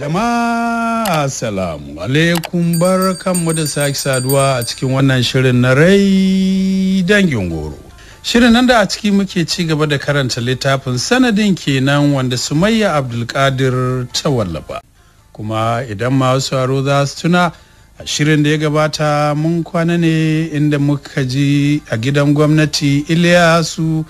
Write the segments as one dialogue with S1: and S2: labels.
S1: Jama'a Assalamu alaikum bar kanmu da sake saduwa a cikin wannan shirin na rai dangin goro. Shirin nan da a ciki muke ci gaba da karanta littafin sanadin kenan wanda Sumayya Abdulkadir ta wallafa. Kuma idan masu aro za su tuna a shirin da ya gabata mun kwana ne inda muka ji a gidan gwamnati Iliyasu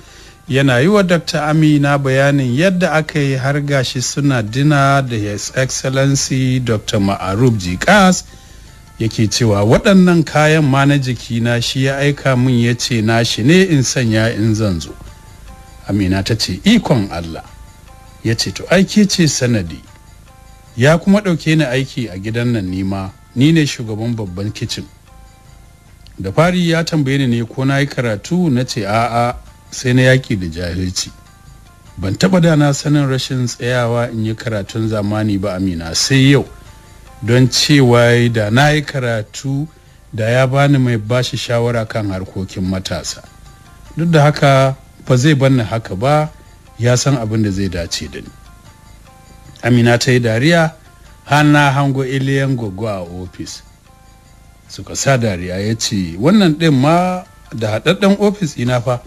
S1: yana yi wa dr amina bayanin yadda aka yi har gashi suna dina da his excellency dr ma'arub jikas yake cewa waɗannan kayan ma na jikina shi ya aika min ya ce na shi ne in sanya in zan zo amina ta ce ikon allah ya ce to aiki ce sanadi ya kuma ɗauke ni aiki a gidan nan nima ni ne shugaban babban kicin da fari ya tambaye ni ne ko na yi karatu na ce a'a sai na yaƙi da jahilci ban taɓa da na sanin rashin tsayawa in yi karatun zamani ba amina sai yau don cewa da na yi karatu da ya bani mai bashi shawara kan harkokin matasa duk da haka ba zai banna haka ba ya san abin da zai dace da ni amina ta yi dariya hana hango iliyan gogo a ofis suka sa dariya ya ce wannan ɗin ma da haɗaɗɗen ofis ina fa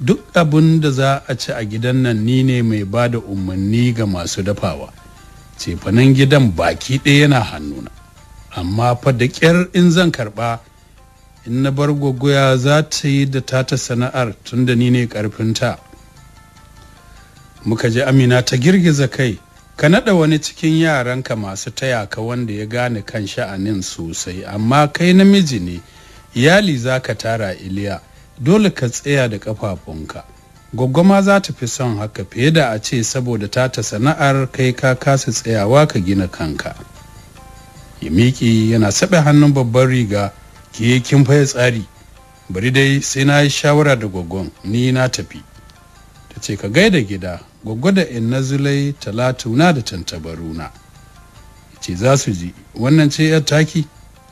S1: duk abin da za a ci a gidan nan ni ne mai ba da umarni ga masu dafawa cefanen gidan baki ɗaya yana hannuna amma fa da ƙyar in zan karɓa in na bar gwaggoya za ta yi da tata sana'ar tunda ni ne ƙarfinta muka ji amina ta girgiza kai ka naɗa wani cikin yaranka masu taya ka wanda ya gane kan sha'anin sosai amma kai namiji ne iyali za ka tara iliya dole ka tsaya da kafafunka gwaggwama za ta fi son haka fiye da a ce saboda ta ta sana'ar kai ka kasa tsayawa ka gina kanka ya miƙe yana saɓe hannun babban riga ke kin faya tsari bari dai sai na yi shawara da gwaggon ni na tafi ta ce ka gaida gida gwaggo da in na zulai na da tantabaruna ce za su ji wannan ce yar taki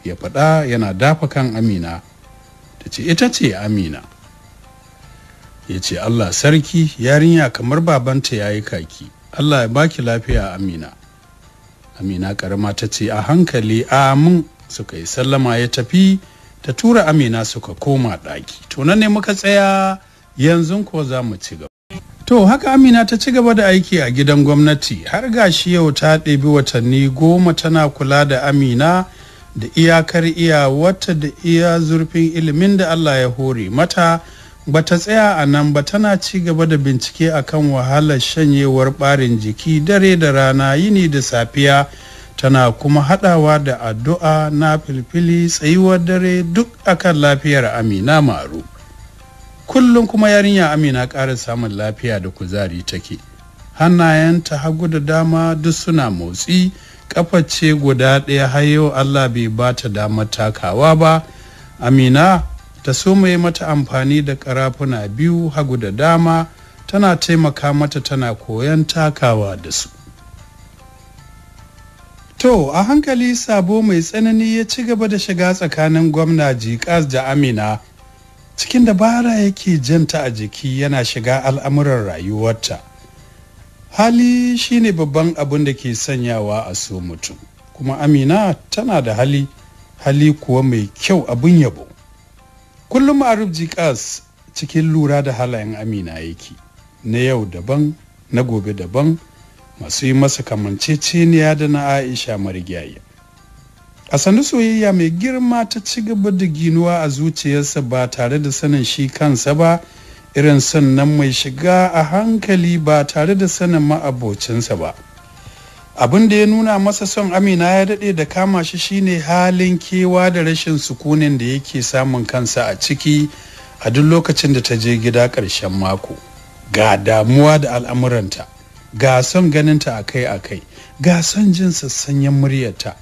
S1: ya faɗa yana dafa kan amina ta ce ita ce amina ya ce allah sarki yarinya kamar babanta ya yi kaki allah ya baki lafiya amina amina karama ta ce a hankali amin suka yi sallama ya tafi ta tura amina suka koma ɗaki to nan ne muka tsaya yanzu ko za mu ci gaba To haka Amina ta ci gaba da aiki a gidan gwamnati har gashi yau ta ɗebi watanni goma tana kula da Amina da iyakar iya wata da iya zurfin ilimin da Allah ya hore mata ba ta tsaya a nan ba tana ci gaba da bincike akan wahalar shanyewar barin jiki dare da rana yini da safiya tana kuma hadawa da addu'a na filfili tsayuwar dare duk akan lafiyar amina maru kullum kuma yarinya amina ƙara samun lafiya da kuzari take hannayenta hagu da dama duk suna motsi kafa ce guda ɗaya har yau Allah bai ba ta damar takawa ba amina ta so mai mata amfani da karafuna biyu hagu da dama tana taimaka mata tana koyon takawa da su To, a hankali sabo mai tsanani ya ci gaba da shiga tsakanin gwamna Jikas da Amina, cikin dabara yake janta a jiki yana shiga al'amuran rayuwarta. hali shine babban abin da ke sanyawa a so mutum kuma amina tana da hali hali kuwa mai kyau abin yabo kullum a jikas cikin lura da halayen amina yake na yau daban na gobe daban masu yi masa kamanceceniya da na aisha marigayi a sanu soyayya mai girma ta ci gaba da ginuwa a zuciyarsa ba tare da sanin shi kansa ba irin sannan mai shiga a hankali ba tare da sanin ma'abocinsa ba abin da ya nuna masa son amina ya daɗe da kama shi shine halin kewa da rashin sukunin da yake samun kansa a ciki a duk lokacin da ta je gida ƙarshen mako ga damuwa da al'amuranta ga son ganinta akai-akai ga son jin sassanyen muryarta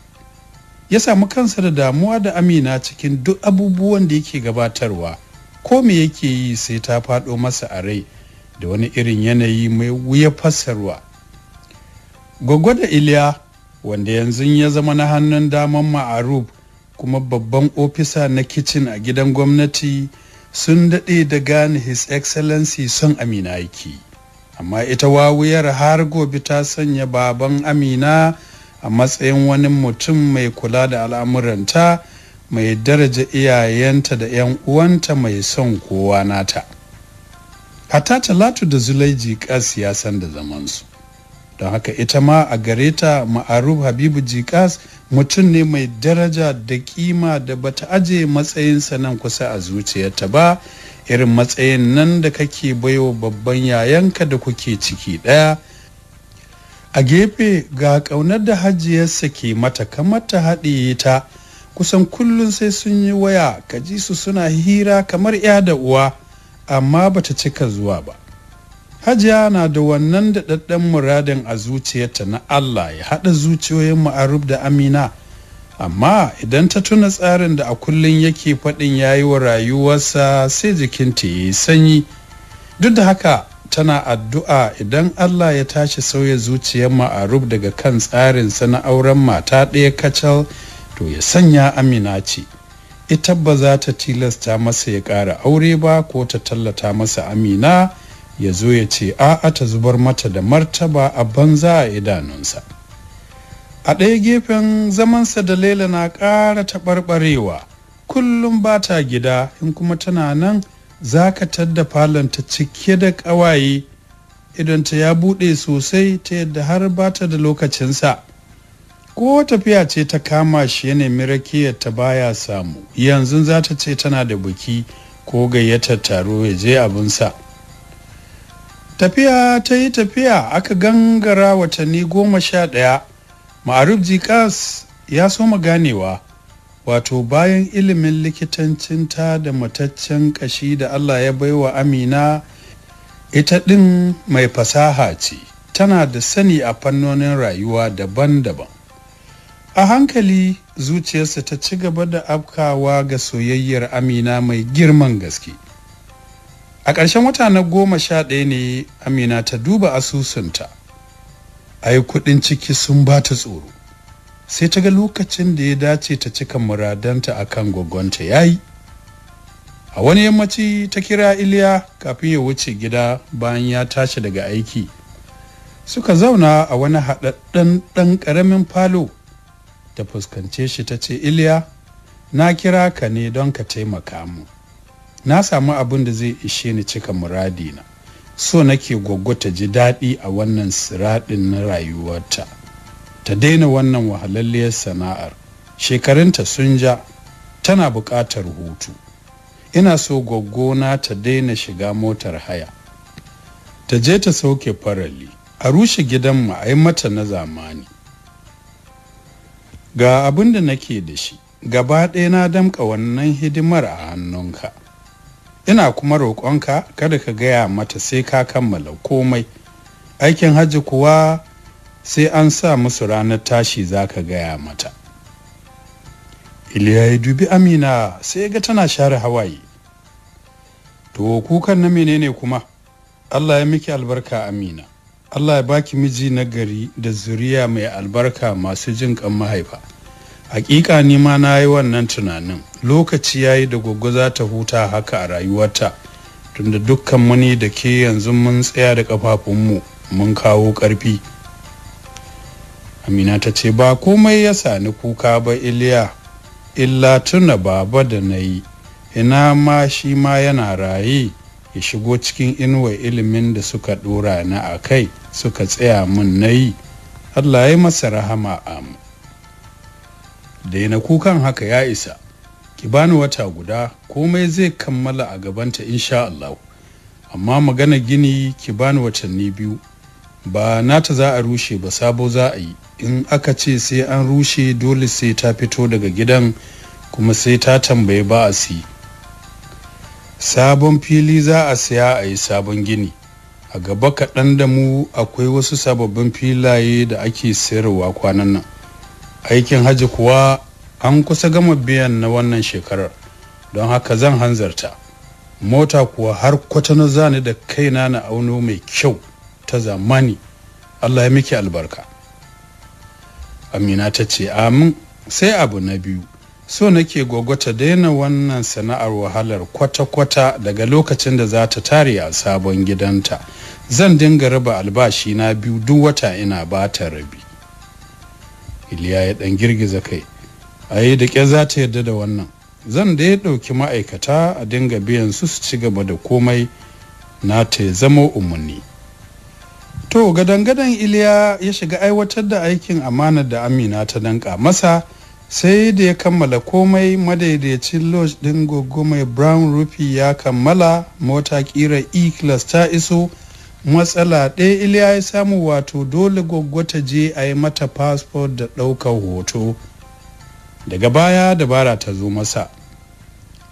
S1: ya samu kansa da damuwa da amina cikin duk abubuwan da yake gabatarwa ko me yake yi sai ta faɗo masa a rai da wani irin yanayi mai wuya fassarwa gwaggo da iliya wanda yanzu ya zama na hannun daman ma'aruf kuma babban ofisa na kicin a gidan gwamnati sun daɗe da gane his excellency son amina yake amma ita wawuyar har gobe ta sanya baban amina a matsayin wani mutum mai kula da al'amuranta mai daraja iyayenta da 'yan uwanta mai son kowa nata hata talatu da zulaiji kas ya san da zamansu don haka ita ma a gare ta ma'aruf habibu jikas mutum ne mai daraja da kima da bata aje matsayinsa nan kusa a zuciyarta ba irin matsayin nan da kake baiwa babban yayanka da kuke ciki ɗaya a gefe ga ƙaunar da hajiyarsa ke mata kamar ta haɗiye ta kusan kullum sai sun yi waya kaji su suna hira kamar ya da uwa amma bata cika zuwa ba hajiya na da wannan daɗaɗɗen muradin a zuciyarta na allah ya haɗa zuciyoyin ma'arub da amina amma idan ta tuna tsarin da a kullum yake faɗin yayi wa rayuwarsa sai jikinta ya yi sanyi duk da haka tana addu'a idan allah ya tashi sauya zuciyar ma'arub daga kan tsarinsa na auren mata ɗaya kacal to ya sanya amina ce ita ba za ta tilasta masa ya ƙara aure ba ko ta tallata masa amina ya zo ya ce a'a ta zubar mata da martaba a banza a idanunsa a ɗaya gefen zamansa da laila na ƙara taɓarɓarewa kullum ba ta gida in kuma tana nan za ka tadda falonta cike da ƙawaye idan ta ya buɗe sosai ta yadda har ba ta da lokacinsa ko tafiya ce ta kama shi ya nemi rakiyar ta baya samu yanzu za ta ce tana da buki ko gayyatar taro ya je abinsa tafiya ta yi tafiya aka gangara watanni goma sha ɗaya ma'aruf jikas ya soma ganewa wato bayan ilimin likitancinta da mataccen kashi da allah ya baiwa amina ita ɗin mai fasaha ce tana da sani a fannonin rayuwa daban-daban a hankali zuciyarsa ta ci gaba da afkawa ga soyayyar amina mai girman gaske a ƙarshen wata na goma sha ɗaya ne amina ta duba asusunta ai kuɗin ciki sun ba ta tsoro sai ta ga lokacin da ya dace ta cika muradanta a kan gwaggonta ya yi a wani yammaci ta kira iliya kafin ya wuce gida bayan ya tashi daga aiki suka zauna a wani haɗaɗɗen ɗan ƙaramin falo ta fuskance shi ta ce iliya na kira ka ne don ka taimaka mu na samu abin da zai ishe ni cika muradi na. so nake ta ji daɗi a wannan siraɗin na rayuwarta ta daina wannan wahalalliyar sana'ar shekarunta sun ja tana buƙatar hutu ina so gwaggona ta daina shiga motar haya ta je ta sauke farali a rushe gidanmu a yi mata na zamani ga abin da nake da shi gaba ɗaya na damƙa wannan hidimar a hannunka ina kuma roƙonka kada ka gaya mata sai ka kammala komai aikin hajji kuwa sai an sa musu ranar tashi za ka gaya mata iliya ya dubi amina sai ga tana share hawaye to kukan na menene kuma allah ya miki albarka amina Allah ya baki miji na gari da zuriya mai albarka masu jin kan mahaifa. Hakika ni ma na yi wannan tunanin lokaci ya yi da goggo za ta huta haka a rayuwarta tunda dukkan muni da ke yanzu mun tsaya da kafafunmu mun kawo ƙarfi. Amina ta ce ba komai ya sani kuka ba Iliya illa tuna baba da na yi ina ma shi ma yana raye ya shigo cikin inuwa ilimin da suka dora na a kai suka tsaya mun na yi allah ya masa rahama da daina kukan haka ya isa ki bani wata guda komai zai kammala a gabanta insha allah amma magana gini ki bani watanni biyu ba nata za a rushe ba sabo za a yi in aka ce sai an rushe dole sai ta fito daga gidan kuma sai ta tambaye ba a si sabon fili za a siya a yi sabon gini a gaba kaɗan da mu akwai wasu sababbin filaye da ake sayarwa kwanan nan aikin hajji kuwa an kusa gama biyan na wannan shekarar don haka zan hanzarta mota kuwa har kwatano zani da kaina na auno mai kyau ta zamani allah ya miki albarka amina ta ce amin sai abu na biyu so nake gogo ta daina wannan sana'ar wahalar kwata-kwata daga lokacin da za ta tare a sabon gidanta zan dinga raba albashi na biyu duk wata ina ba ta rabi iliya ya dan girgiza kai ayi da ƙyar za ta yarda da wannan zan da ya ɗauki ma'aikata a dinga biyan su su ci gaba da komai na ta zama umarni to gadan-gadan iliya ya shiga aiwatar da aikin amanar da amina ta danka masa sai da ya kammala komai madaidaicin lodge din goggo mai brown rufi ya kammala mota kira e-class ta iso matsala ɗaya iliya ya samu wato dole goggo ta je a yi mata fasfot da ɗaukar hoto daga baya dabara ta zo masa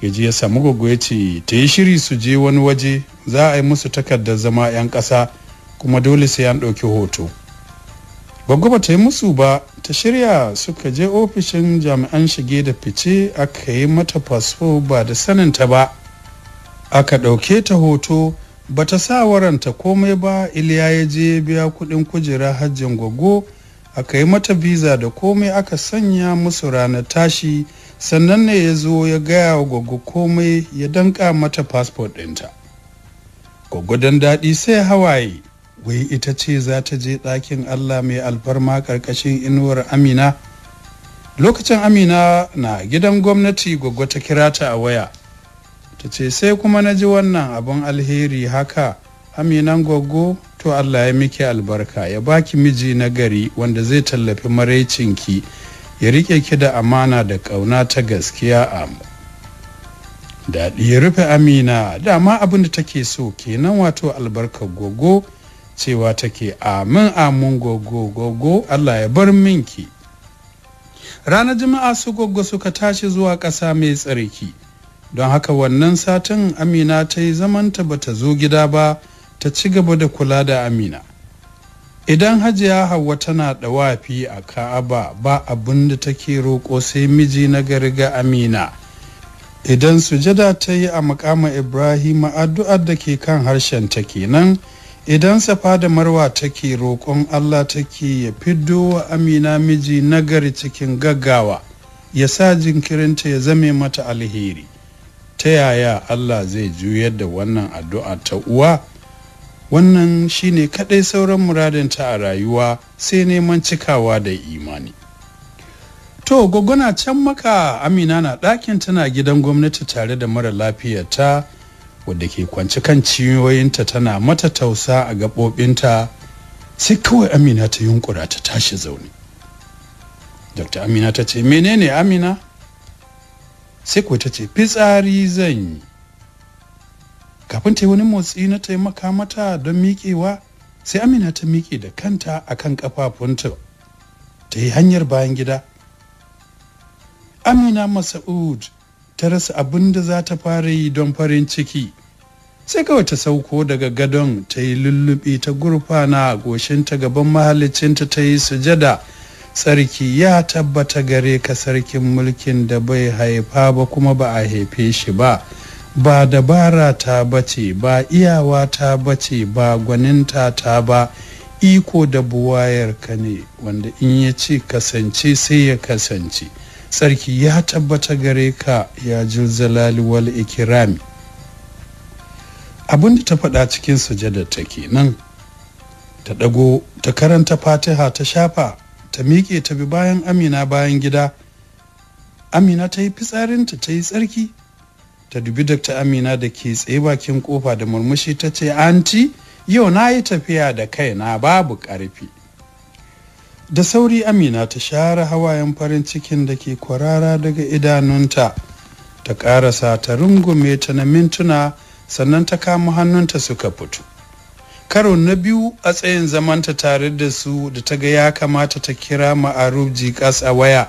S1: ya ya samu goggo ya ce ta yi shiri su je wani waje za a yi musu takardar zama 'yan ƙasa kuma dole sai an ɗauki hoto goggo ba ta yi musu ba ta shirya suka je ofishin jami'an shige da fice aka yi mata fasfo ba da saninta ba aka ɗauke ta hoto ba ta sa waranta komai ba iliya ya je biya kuɗin kujera hajjin gwaggo aka yi mata visa da komai aka sanya musu ranar tashi sannan ne ya zo ya gaya wa gwaggo komai ya danka mata fasfo ɗinta gwaggo don daɗi sai hawaye wai ita ce za ta je ɗakin allah mai alfarma ƙarƙashin inuwar amina lokacin amina na gidan gwamnati gwaggwa ta kira ta a waya ta ce sai kuma na ji wannan abin alheri haka aminan gwaggo to allah ya miki albarka ya baki miji na gari wanda zai tallafi maraicinki ya rike ki da amana da ƙauna ta gaskiya a daɗi ya rufe amina dama abin da take so kenan wato albarkar gwaggo cewa take amin amin gogo gogo Allah ya bar minki ranar juma'a su gogo suka tashi zuwa ƙasa mai tsarki don haka wannan satin amina ta yi zamanta ba ta zo gida ba ta ci gaba da kula da amina idan hajiya hawa tana ɗawafi a ka'aba ba abin da take roƙo sai miji na gariga amina idan sujada ta yi a makama ibrahim addu'ar da ke kan harshen ta kenan idan safa da marwa take roƙon allah take ya fiddo wa amina miji nagari cikin gaggawa ya sa jinkirinta ya zame mata alheri ta yaya allah zai juyar da wannan addu'a ta uwa wannan shine kaɗai sauran muradinta a rayuwa sai neman cikawa da imani to gwaggwana can maka amina na ɗakin tana gidan gwamnati tare da mara lafiyarta wadda ke kwanci kan ciyoyinta tana mata tausa a gaɓoɓinta sai kawai amina ta yunkura ta tashi zaune dr amina ta ce menene amina sai kuwa ta ce fitsari zan yi kafin ta yi wani motsi na taimaka mata don miƙewa sai amina ta miƙe da kanta akan kafafunta ta yi hanyar bayan gida amina masa'ud ta rasa abin da za ta fara yi don farin ciki sai kawai ta sauko daga gadon ta yi lullubi ta gurfana a goshinta gaban mahallicinta ta yi sujada sarki ya tabbata gare ka sarkin mulkin da bai haifa ba kuma ba a haife shi ba ba dabara ta bace ba iyawa ta bace ba gwaninta ta ba iko da buwayar ka ne wanda in ya ce kasance sai ya kasance tsarki ya tabbata gare ka ya jalali wal ikirami abinda ta faɗa cikin sujada ta kenan ta ɗago ta karanta fatiha ta shafa ta miƙe ta bi bayan amina bayan gida amina ta yi fitsarinta ta yi tsarki ta dubi dakta amina da ke tsaye bakin kofa da murmushi ta ce anti yau na yi tafiya da kaina babu ƙarfi da sauri amina ta share hawayen farin cikin da ke kwarara daga idanunta ta karasa ta rungume ta na mintuna sannan ta kama hannunta suka fito karo na biyu a tsayin zamanta tare da su da ta ga ya kamata ta kira "Ma'arub jikas a waya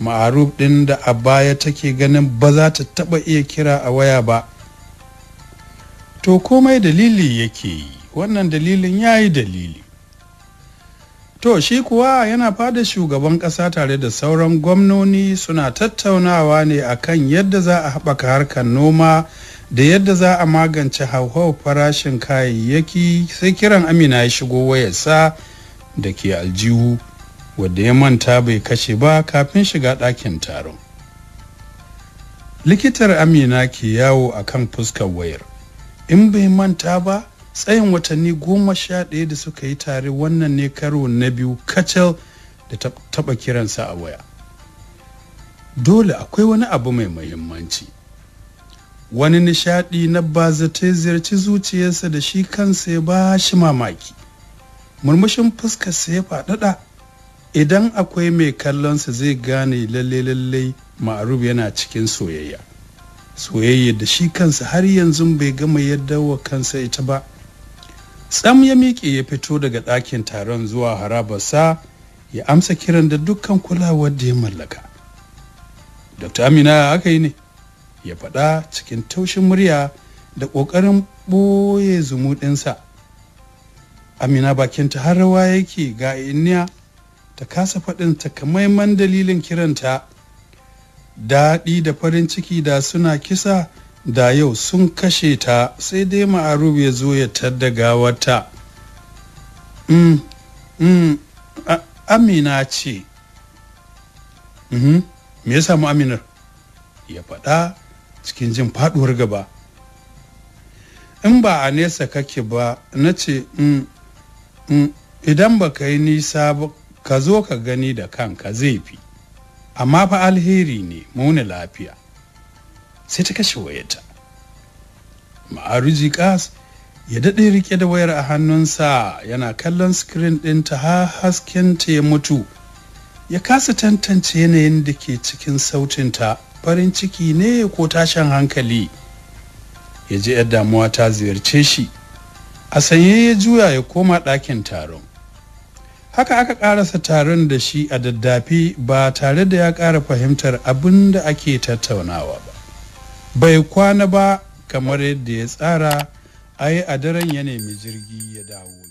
S1: ma'arub ɗin da a baya take ganin ba za ta taɓa iya kira a waya ba to komai dalili yake yi wannan dalilin ya yi dalili To shi kuwa yana fada shugaban ƙasa tare da sauran gwamnoni suna tattaunawa ne akan yadda za a haɓaka harkar noma da yadda za a magance Hauhau farashin kayayyaki sai kiran Amina ya shigo wayarsa da ke aljihu wadda ya manta bai kashe ba kafin shiga ɗakin taron. Likitar Amina ke yawo akan fuskar wayar. In bai manta ba, tsayin watanni goma sha ɗaya da suka yi tare wannan ne karo na biyu kacal da taɓa kiransa a waya dole akwai wani abu mai muhimmanci wani nishaɗi na bazata ziyarci zuciyarsa da shi kansa ya ba shi mamaki murmushin fuskarsa ya faɗaɗa idan akwai mai kallonsa zai gane lalle-lalle ma'aruf yana cikin soyayya soyayya da shi kansa har yanzu bai gama yadda wa kansa ita ba tsam ya miƙe ya fito daga ɗakin taron zuwa harabarsa ya amsa kiran da dukkan kulawar da ya mallaka dr amina aka yi ne ya faɗa cikin taushin murya da ƙoƙarin ɓoye zumuɗinsa amina bakinta har rawa yake ga inniya ta kasa faɗin takamaiman dalilin kiranta daɗi da farin ciki da suna kisa da yau sun kashe ta sai dai ma'aruf ya zo ya tadda gawarta mm, mm, amina ce mm me ya samu aminar ya faɗa cikin jin faɗuwar gaba in ba a nesa kake ba na ce mm, idan ba ka yi nisa ba ka zo ka gani da kanka zai fi amma fa alheri ne muni lafiya sai ta kashe wayarta ma'aruji gas, ya daɗe rike da wayar a hannunsa yana kallon screen ɗinta har ta ya mutu ya kasa tantance yanayin da ke cikin sautin ta farin ciki ne ko tashin hankali ya ji yar damuwa ta ziyarce shi a sanye ya juya ya koma ɗakin taron haka aka ƙarasa taron da shi a daddafi ba tare da ya ƙara fahimtar abin da ake tattaunawa ba bai kwana ba kamar yadda ya tsara ai a daren ya nemi jirgi ya dawo